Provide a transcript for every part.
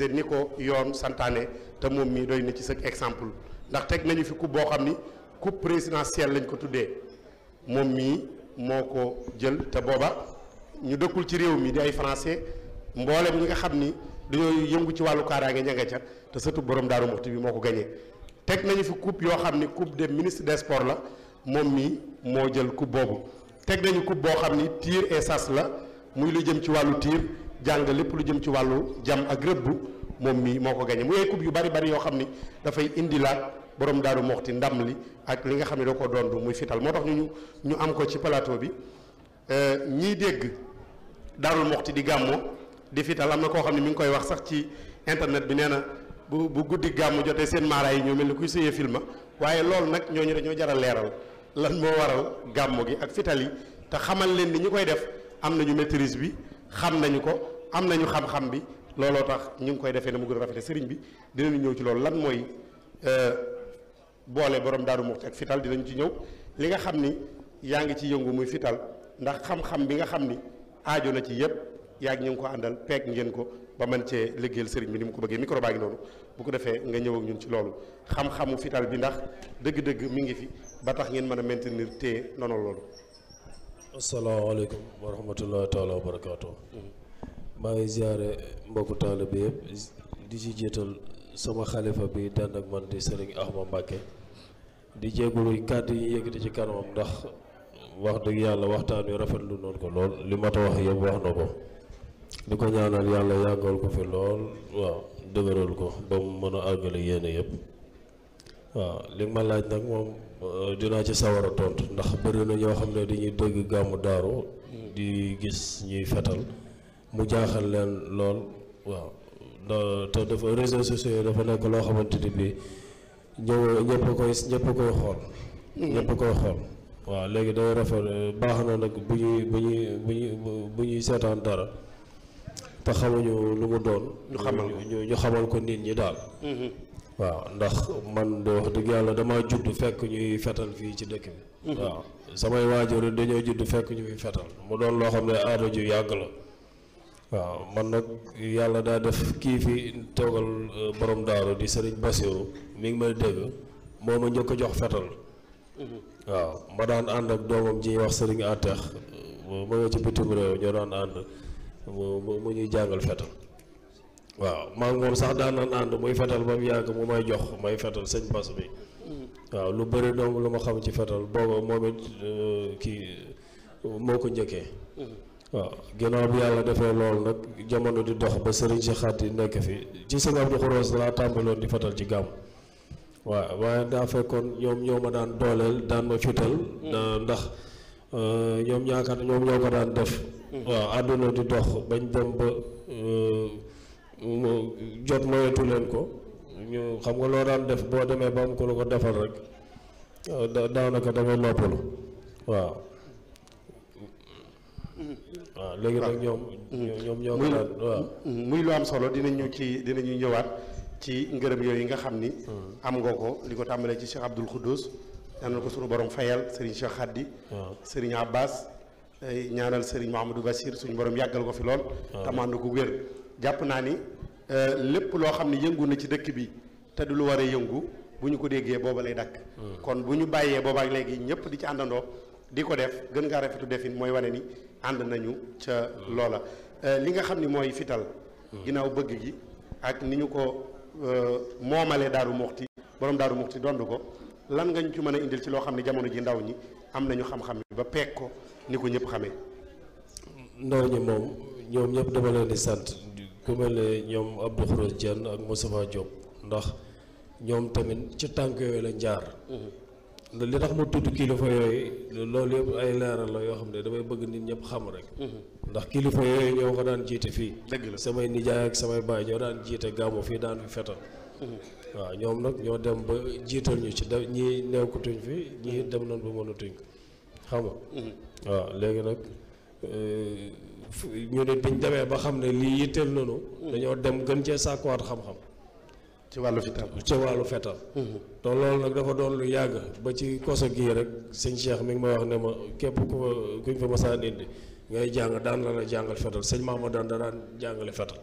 ni ko yoon santaane te moom mii doy na ci sëg exemple ndax teg nañu fi coupe boo xam ni coupe présidentielle lañ ko tuddee moom mii moo ko jël te booba ñu dëkkul ci réew mi di ay français mboolem ñi nga xam ni dañooy yëngu ci wàllu kaaraange ña nga ca te surtout borom daaru muxti bi moo ko gañee teg nañu fi coupe yoo xam ni coupe de ministre des sports la moom mii moo jël coupe boobu teg nañu coupe boo xam ni tir et sas la muy lu jëm ci wàllu tiir jàng lépp lu jëm ci wàllu jam ak rëbbu moom mii moo ko gañe mu yooyu coupe yu bari bari yoo xam ni dafay indi indilaat borom daaru moxti ndam li ak li nga xam ne doo ko dondu muy fital moo tax ñu ñu am ko ci plateau bi euh, ñiy dégg daarul moxti di gàmmo di fital am na koo xam ne mi ngi koy wax sax ci internet bi nee na bu bu guddi gàmmu jotee seen maara yi ñoo mel ni kuy séyee filma waaye loolu nag ñooñu dañoo jar a leeral lan moo waral gàmmu gi ak fital yi te xamal leen ni ñu koy def am na ñu maîtrise bi xam nañu ko am nañu xam-xam bi looloo tax ñu ngi koy defee ne mu gën a rafete sëriñ bi dinañu ñëw ci loolu lan mooy euh, boole borom daaru muxti ak fital dinañu ci ñëw li nga xam ni yaa ngi ci yëngu muy fital ndax xam-xam bi nga xam ni aajo na ci yëpp yaa ngi ñu ngi ko àndal peeg ngeen ko ba mën cee liggéeyal sëriñ bi ni mu ko bëggee micro baa ngi noonu bu ko defee nga ñëw ak ñun ci loolu xam-xamu fital bi ndax dëgg-dëgg mi ngi fi ba tax ngeen mën a maintenir téye noonu loolu. asalaamaaleykum wa rahmatulah taala wa maa ngi ziare mbokku taalibe yëpp di ci jiital sama xalifa bi dend ak man di Serigne Ahma Mbacke di jégalu kàddu yi yëkkati ci kanamam ndax wax dëgg yàlla waxtaan wi rafetlu noonu ko lool li ma ta wax yëpp wax na ko di ko ñaanal yàlla yàggal ko fi lool waaw dëgëral ko ba mu mën a àggale yéene yëpp waaw li ma laaj nag moom euh, dinaa ci sawar a tontu ndax bëri na ñoo xam ne dañuy dégg gàmmu daaru di gis ñuy fetal. mu jaaxal leen lool waaw te dafa réseaux sociaux yi dafa nekk loo xamante ni bii ñëw ñëpp koy ñëpp koy xool. ñëpp koy xool. waaw léegi day rafet baax na nag bu ñuy bu ñuy bu ñuy bu ñuy seetaan dara te xamuñu lu mu doon. ñu xamal ko ñu xamal ko nit ñi daal. Mm-hmm. waaw ndax man de wax dëgg yàlla damaa judd fekk ñuy fetal fii ci dëkk bi. Mm-hmm. waaw samay waajur dañoo judd fekk ñuy fetal mu doon loo xam ne aada ju yàgg la. waaw man nag yàlla daa def kii fi toogal euh, borom daaru di sëriñ Basiru mi ngi may dégg moo ma njëkk a jox fetal waaw ma daan ànd ak doomam ji wax sëriñ Atex ma ci bitim réew mu mu ñuy jàngal fetal waaw maa ngi moom sax daan naan ànd muy fetal ba mu yàgg mu may jox may fetal sëñ Bas bi waaw lu bari doom lu ma xam ci fetal booba moom it euh, kii moo ko njëkkee waaw ginnaaw bi yàlla defee loolu nag jamono di dox ba sëriñ si xaat yi nekk fi ci sëñ Abdou Khouross laa tàmbaloon di fatal ci gàmm waaw waaye daa fekkoon ñoom ñoo ma daan dooleel daan ma fital mm. ndax euh, ñoom ñaaka ñoom ñoo ko daan def mm. di dox bañ dem ba euh, jot mayetu leen ko xam nga loo daan def boo demee ba am ko lu ko defal rek euh, daanaka damay noppalu waaw mm. waaw léegi nag ñoom. ñoom ñoo waaw muy lu am solo dinañu ci dinañu ñëwaat ci ngërëm yooyu nga xam ni. Hmm. am nga ko li ko tàmbalee ci Cheikh Abdoul Khoudous. ñaanal ko suñu borom fayal Serigne Cheikh Khadi. waaw Serigne Abbas. ñaanal Serigne Mouhamadou Bachir suñu borom yàggal ko fi lool. waaw te ànd ko wér. jàpp naa ni euh, lépp loo xam ne yëngu na ci dëkk bi te du lu war a yëngu bu ñu ko déggee booba lay dakk hmm. kon bu ñu bàyyee boobaak léegi ñëpp di ci àndandoo. di ko def gën ngaa rafetu defin mooy wane ni ànd nañu ca loola euh, li nga xam ni mooy fital ginnaaw bëgg gi ak ni ñu ko euh, moomalee daaru muxti borom daaru muxti dond ko lan nga ñu ci mën a indil ci loo xam ne jamono ji ndaw ñi am nañu xam-xam ba peeg ko ni ko ñëpp xamee ndaw ñi moom ñoom ñëpp dama leen di sant ku mel ne ñoom Abdou Khourous Dieng ak Moustapha Diop ndax ñoom tamit ci tànk yooyu la jaar mm-hmm. li tax mu tudd kilifa yooyu loolu yëpp ay leeral la yoo xam ne damay bëgg nit ñëpp xam rek. Mm-hmm. ndax kilifa yooyu ñoo ko daan jiite fii. dëgg la samay nijaay ak samay baay ñoo daan jiite gàmmu fii daan fi fetal. Mm-hmm. waaw ñoom nag ñoo dem ba jiital ñu ci def ñii nekkatuñ fi ñii dem nañ ba mënatuñ ko xam nga. Mm-hmm. waaw léegi nag euh, ñu ne biñ demee ba xam ne lii yitteel nañu. dañoo dem gën cee sàkkuwaat xam-xam. ci wàllu fetal ci wàllu fetal. te loolu nag dafa doon lu yàgg ba ci koso gii rek sëñ Cheikh mi ngi ma wax ne ma képp ku fa kuñ fa masaan indi ngay jàng daan la na jàngal fetal sëñ Mahmadane da daan jàngale fetal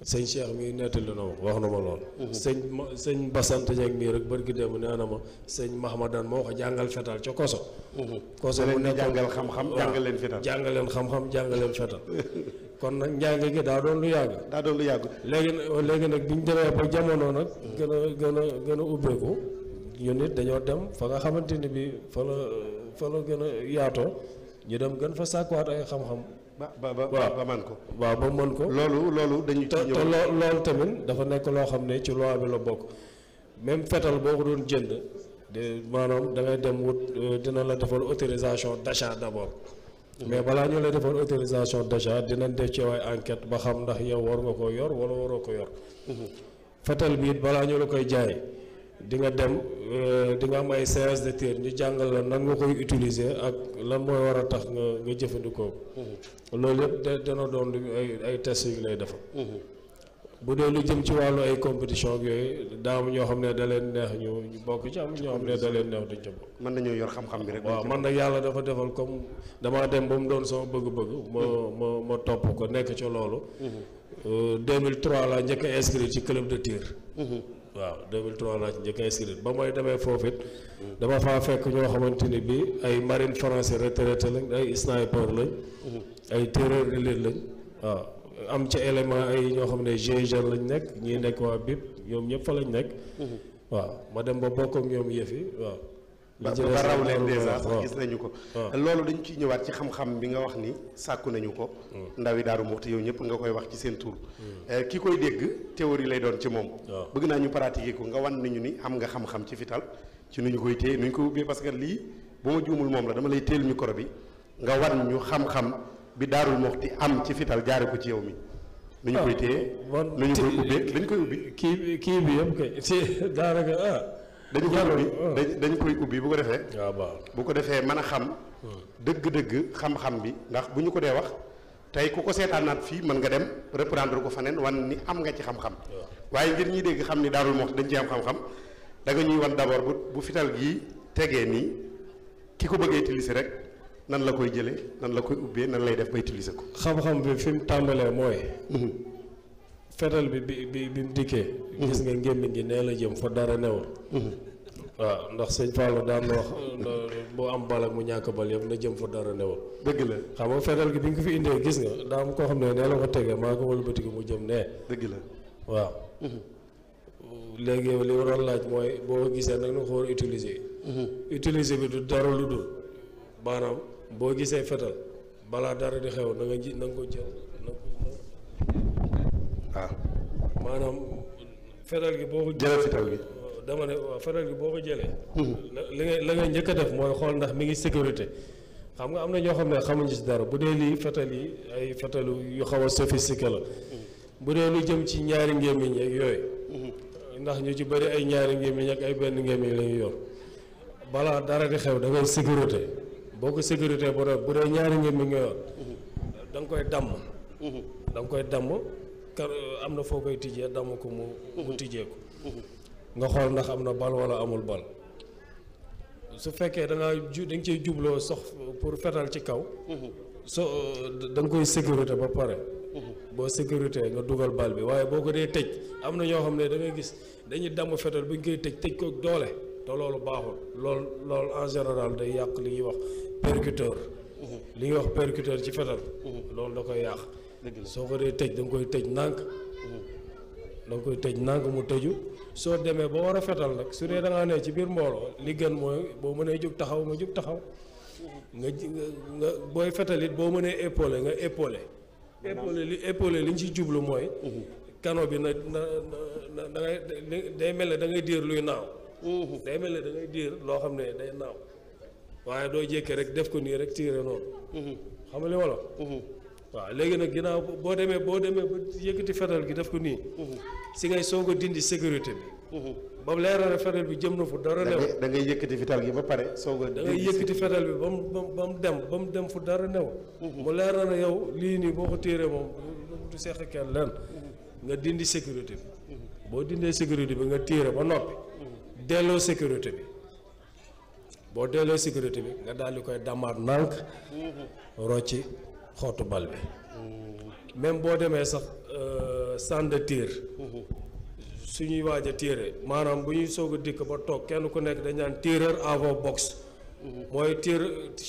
sëñ Cheikh mi nettali na ma wax na ma lool sëñ sëñ Basante Dieng mii rek bërgi dem nee na ma sëñ Mahmadane moo ko jàngal fetal ci koso koso mu ne jàngal xam-xam jàngal leen fetal jàngal leen xam fetal kon nag njàng gi daa doon lu yàgg. daa lu yàgg. léegi léegi nag bi ñu demee ba jamono nag. gën a gën a gën a ubbeeku ñun it dañoo dem fa nga xamante ni bi fa la fa la gën a yaatoo ñu dem gën fa sàkkuwaat ay xam-xam. ba ba ba ba mën ko. waaw ko. loolu loolu dañuy. te te tamit dafa nekk loo xam ne ci loi bi la bokk même fetal boo ko doon jënd de maanaam da ngay dem wut euh, dina la defal autorisation d'achat d'abord. mais balaa ñu la defoon autorisation d'achat dinañ def ci waay enquête ba xam ndax yow war nga ko yor wala waroo ko yor. fetal bi it balaa ñu la koy jaay di nga dem euh, di nga am ay séance de tir ñu jàngal la nan nga koy utiliser ak lan mooy war a tax nga nga jëfandikoo. Mmh. loolu yëpp dana doon ay ay yu lay defal. Mmh. Budaya dee lu jëm ci wàllu ay compétition ak yooyu daa am ñoo xam ne da leen neex ñu ñu bokk ci am ñoo xam ne da leen neex duñ ca bokk. mën nañoo yor xam-xam dem ba mu sama bëgg-bëgg. ma ma ma topp ko nekk ci loolu. 2003 mhm. euh, laa njëkk a inscrit ci club de tir. Mhm. waaw 2003 laa njëkk a inscrit ba may demee foofu it. dama faa fekk ñoo xamante bi ay marine français retraité lañ ay sniper lañ. Mhm. ay tireur de lañ waaw. am ca élément ay ñoo xam ne GIGN lañ nekk ñii nekk waa BIP ñoom ñëpp fa lañ nekk. Mhm. waaw ma dem ba bokk ñoom yëf yi waaw. raw leen dèjà sax gis nañu ko. loolu dañ ciy ñëwaat ci xam-xam bi nga wax ni sàkku nañu ko. Mm. ndawi Daaru Muxti yow ñëpp nga koy wax ci seen tur. Mm. Eh, ki koy dégg théorie lay doon ci moom. bëgg naa ñu pratiquer ko nga wan nañu ni am nga xam-xam ci fital ci nu ñu koy téye nu ñu koy ubbee parce lii bu ma juumul moom la dama lay teel ñu xam-xam. bi daarul moxti am ci fital jaare ko ci yow mi nu ah, ñu koy téye nu ñu koy dañ koy ubbi kii kii bi yëpp kay si daanaka ah dañu ah. koy ubbi bu ko defee ah, bu ko defee mën a xam hmm. dëgg-dëgg xam-xam bi ndax bu ñu ko dee wax tey ku ko seetaanaat fii mën nga dem reprendre ko faneen wan ni am nga ci xam-xam waaye ngir ñi dégg xam ni daarul moxti dañ ci am xam-xam da nga ñuy wan d'abord bu fital gi tegee nii ki ko bëggee tilisi rek nan la koy jëlee nan la koy ubbee nan lay def ba utiliser ko. xam-xam bi fi mu tàmbalee mooy. Mhm. fetal bi bi bi bi mu dikkee. Mhm. gis nga ngémmiñ gi nee la jëm fa dara newul. Mhm. waaw ndax sëñ Fallou daan na wax boo am bal mu ñàkk bal yëpp na jëm fa dara newul. dëgg la xam nga fetal gi bi nga ko fi indee gis nga daa am koo xam ne nee la ko tegee maa ko wëlbati ko mu jëm nee. dëgg la waaw. léegi yow li waroon laaj mooy boo gisee nag na ko war a bi du dara lu dul boo gisee fetal balaa dara di xew na nga ji na ko jël na ah. maanaam fetal gi boo ko jëlee fetal gi dama jëlee mm-hmm. li nga la nga njëkk def mooy xool ndax mi ngi sécurité xam nga am na ñoo xam ne xamuñ si dara bu dee lii fetal yi ay fetalu yu xaw a sophistiqué la mm-hmm. bu dee lu jëm ci ñaari ngémmiñ ak yooyu mm-hmm. ndax ñu ci bëri ay ñaari ngémmiñ ak ay benn ngémmiñ la ñu yor balaa dara di xew da ngay sécurité boo ko sécurité bu doon bu dee ñaari ngémmiñ nga yor da nga koy damm da nga koy damm kar am na foo koy tijjee damm ko mu mu tijjee ko nga xool ndax am na bal wala amul bal su fekkee da nga ju da nga jubloo sox pour fetal ci kaw so da nga koy sécurité ba pare boo sécurité nga dugal bal bi waaye boo ko dee tëj am na ñoo xam ne da ngay gis dañuy damm fetal bi ñu koy tëj tëj ko doole te loolu baaxul lool loolu en général day yàq li ñuy wax percuteur. li ñuy wax percuteur ci fetal. loolu da koy yàq. soo ko dee tëj danga koy tëj nànk. da nga koy tëj nànk mu tëju soo demee ba war a fetal nag su dee da ngaa ci biir mbooloo li gën mooy boo mënee jug taxaw ma jug taxaw. nga ji nga booy fetalit boo mënee épaulé nga épaulé. épaulé li épaulé li ñu ci jublu mooy. Mhm. kano bi na na na da ngay day mel ne da ngay diir luy naaw. day mel ne da ngay diir loo xam ne day naaw waaye doo jékkee rek def ko nii rek tiire noonu xam nga wolo wala waaw léegi nag ginnaaw boo demee boo demee ba yëkkati fetal gi def ko nii si ngay soog dindi sécurité bi ba mu leeral ne bi jëm na fu dara new da ngay yëkkati fetal gi ba pare soog a da ngay yëkkati fetal bi ba mu ba dem ba dem fu dara new mu leeral ne yow lii nii boo ko téeree moom du seq kenn lenn nga dindi sécurité bi boo dindee sécurité bi nga téere ba noppi delloo sécurité bi boo delloo sécurité bi nga daal di koy damaat nànk rocci xootu bal bi même boo demee sax euh, centre de tir su ñuy waaj a tiire maanaam bu ñuy soog a dikk ba toog kenn ku nekk dañ naan tireur avant box mooy tir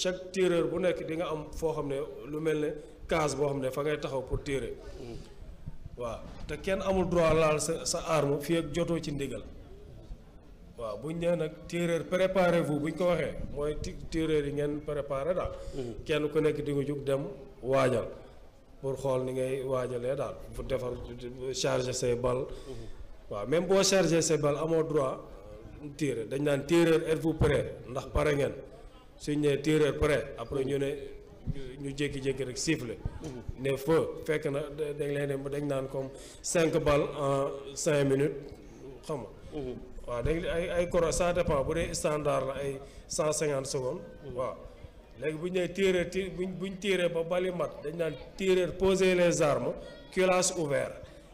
chaque tireur bu nekk di nga am foo xam ne lu mel ne case boo xam ne fa ngay taxaw pour tiire waaw te kenn amul droit laal sa sa arme fi ak jotoo ci ndigal waaw buñ nee nag tireur préparez bu buñ ko waxee mooy ti tireur yi ngeen préparé daal. Mm-hmm. kenn ku nekk di nga jug dem waajal pour xool ni ngay waajalee daal bu defar charger say bal. Mm-hmm. waaw même boo chargé say bal amoo droit tireur dañ naan tireur êtes-vous prêt ndax pare ngeen suñ nee tireur prêt après ñu ne. ñu jékki-jékki rek siffle mm-hmm. ne feu fekk na dañ leen dañ naan comme cinq balles en cinq minutes xam nga waaw standard 150 secondes. Si vous tirer poser les armes culasse ouvert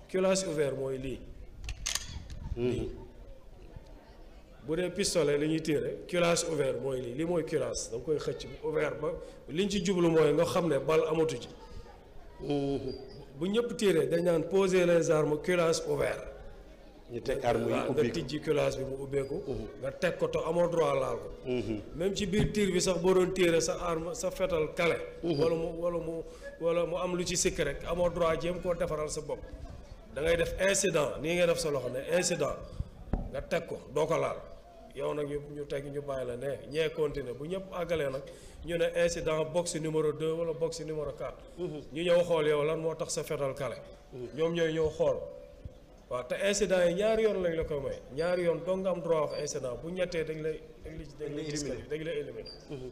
culasse ouvert a mm-hmm. pistolet culasse ouvert culasse koy ouvert ba mm-hmm. tirer dañ poser les armes culasse ouvert. ñu teg arme yi ubbi nga tijji culaas bi mu ubbeeku. nga teg ko te amoo droit laal ko. même ci biir tiir bi sax boo doon tiire sa arme sa fetal kale. wala mu wala mu wala mu am lu ci sikk rek amoo droit jéem koo defaral sa bopp. da ngay def incident nii ngay def sa loxo ne incident nga teg ko doo ko laal yow nag ñu teg ñu bàyyi la ne ñee continuer bu ñëpp àggalee nag ñu ne incident box numéro 2 wala box numéro 4. ñu ñëw xool yow lan moo tax sa fetal kale. ñoom ñooy ñëw xool. waaw te incident yi ñaari yoon lañ la koy may ñaari yoon doo nga am droit wax incident bu ñettee dañ lay dañ lay dañ lay éliminer mhm.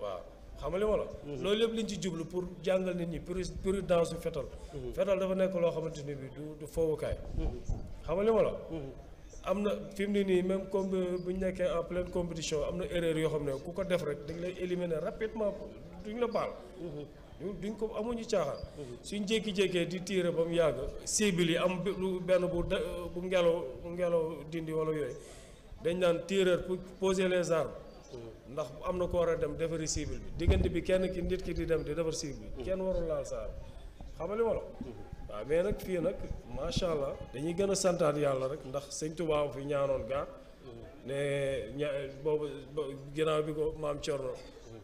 waaw xam nga li ma la mhm. loolu lépp liñ ci jublu pour jàngal nit ñi prudence su fetal mhm. fetal dafa nekk loo xamante ni bi du du foowukaay xam nga li ma la am na fi mu ne nii même comme euh, bu ñu nekkee en pleine compétition am na erreur yoo xam ne ku ko def rek dañ lay éliminer rapidement duñ la baal duñ ko amuñu caaxaan suñ jékki-jékkee di tiire ba mu yàgg cible yi am lu benn bu bu ngelaw bu ngelaw dindi wala yooyu dañ naan tireur pour poser les armes ndax am na ko war a dem defari cible bi diggante bi kenn ki nit ki di dem di defar cible bi kenn warul laal sa arme xamali wala waaw mais nag fii nag macha allah dañuy gën a santaat yàlla rek ndax sëñ Tuubaa fi ñaanoon gaa ne ña boobu ginnaaw bi ko maam Cerno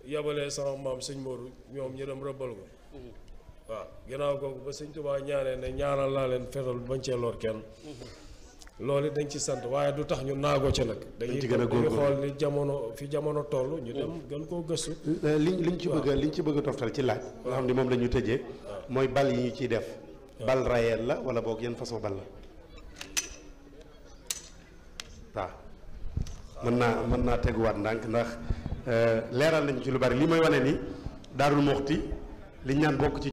yabalee sama maam sëñ Modou ñoom ñu dem rëbbal ko waaw ginnaaw kooku ba sëñ Tuubaa ñaaree ne ñaanal naa leen fetal bañ cee lool kenn loolu dañ ci sant waaye du tax ñu naagoo ca nag dañuy xool ni jamono fi jamono toll ñu dem mm. gën koo gëstu liñ euh, liñ ci bëgg liñ ci bëgg a toftal ci laaj nga xam ni moom lañu ñu tëjee mooy bal yi ñu ciy def bal rayeel la wala boog yan façon bal la waaw mën naa mën naa teguwaat ndànk ndax Euh, leeral nañu ci lu bari li mooy wane ni Daarul Muxti li ñaan bokk ci